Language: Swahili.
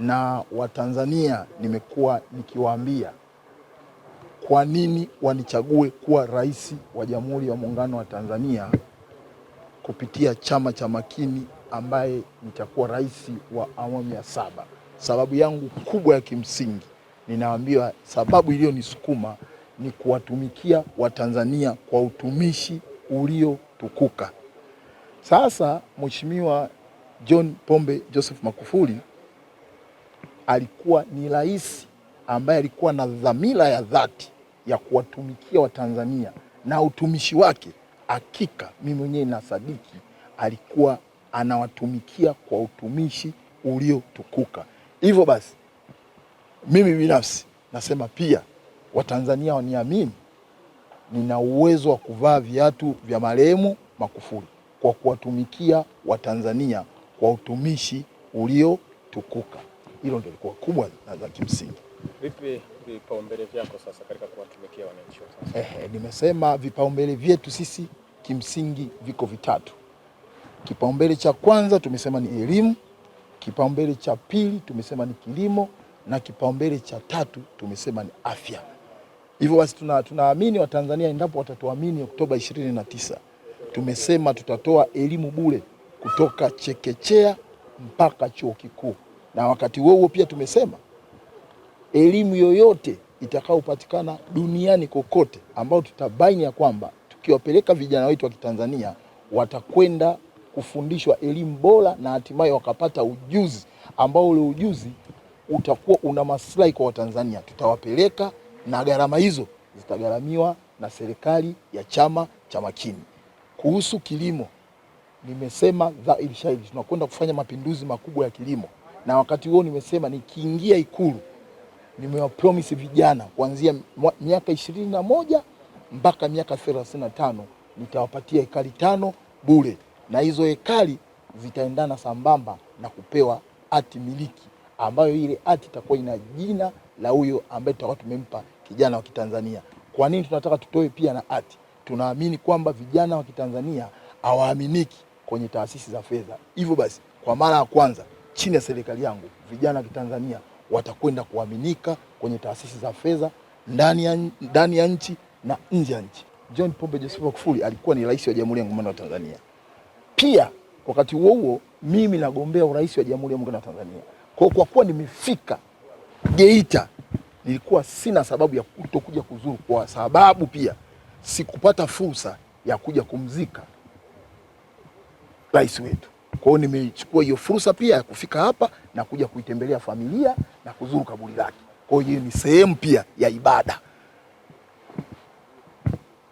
na Watanzania nimekuwa nikiwaambia kwa nini wanichague kuwa rais wa Jamhuri ya Muungano wa Tanzania kupitia Chama cha Makini ambaye nitakuwa rais wa awamu ya saba. Sababu yangu kubwa ya kimsingi, ninaambiwa sababu iliyonisukuma ni kuwatumikia Watanzania kwa utumishi uliotukuka. Sasa Mheshimiwa John Pombe Joseph Magufuli alikuwa ni rais ambaye alikuwa na dhamira ya dhati ya kuwatumikia Watanzania na utumishi wake, hakika mimi mwenyewe na sadiki alikuwa anawatumikia kwa utumishi uliotukuka. Hivyo basi mimi binafsi nasema pia Watanzania waniamini, nina uwezo wa kuvaa viatu vya marehemu Magufuli kwa kuwatumikia Watanzania kwa utumishi uliotukuka. Hilo ndio lilikuwa kubwa na kimsingi. Vipi vipaumbele vyako sasa katika kuwatumikia wananchi sasa? Eh, nimesema vipaumbele vyetu sisi kimsingi viko vitatu. Kipaumbele cha kwanza tumesema ni elimu, kipaumbele cha pili tumesema ni kilimo na kipaumbele cha tatu tumesema ni afya. Hivyo basi tunaamini tuna Watanzania endapo watatuamini Oktoba 29 tumesema tutatoa elimu bure kutoka chekechea mpaka chuo kikuu. Na wakati huo huo pia tumesema elimu yoyote itakayopatikana duniani kokote ambao tutabaini ya kwamba tukiwapeleka vijana wetu wa Kitanzania watakwenda kufundishwa elimu bora na hatimaye wakapata ujuzi ambao ule ujuzi utakuwa una maslahi kwa Watanzania, tutawapeleka na gharama hizo zitagharamiwa na serikali ya Chama cha Makini. Kuhusu kilimo nimesema, tunakwenda kufanya mapinduzi makubwa ya kilimo na wakati huo nimesema nikiingia Ikulu nimewapromise vijana kuanzia miaka ishirini na moja mpaka miaka thelathini na tano nitawapatia hekari tano bure, na hizo hekari zitaendana sambamba na kupewa hati miliki ambayo ile hati itakuwa ina jina la huyo ambaye tutakuwa tumempa kijana wa Kitanzania. Kwa nini tunataka tutoe pia na hati? Tunaamini kwamba vijana wa Kitanzania hawaaminiki kwenye taasisi za fedha. Hivyo basi, kwa mara ya kwanza chini ya serikali yangu vijana wa Kitanzania watakwenda kuaminika kwenye taasisi za fedha ndani ya nchi na nje ya nchi. John Pombe Joseph Magufuli alikuwa ni rais wa Jamhuri ya Muungano wa Tanzania. Pia wakati huo huo mimi nagombea urais wa Jamhuri ya Muungano wa Tanzania. Kwa kwa kuwa nimefika Geita, nilikuwa sina sababu ya kutokuja kuzuru, kwa sababu pia sikupata fursa ya kuja kumzika rais wetu. Kwa hiyo nimechukua hiyo fursa pia ya kufika hapa na kuja kuitembelea familia na kuzuru kaburi lake. Kwa hiyo ni sehemu pia ya ibada.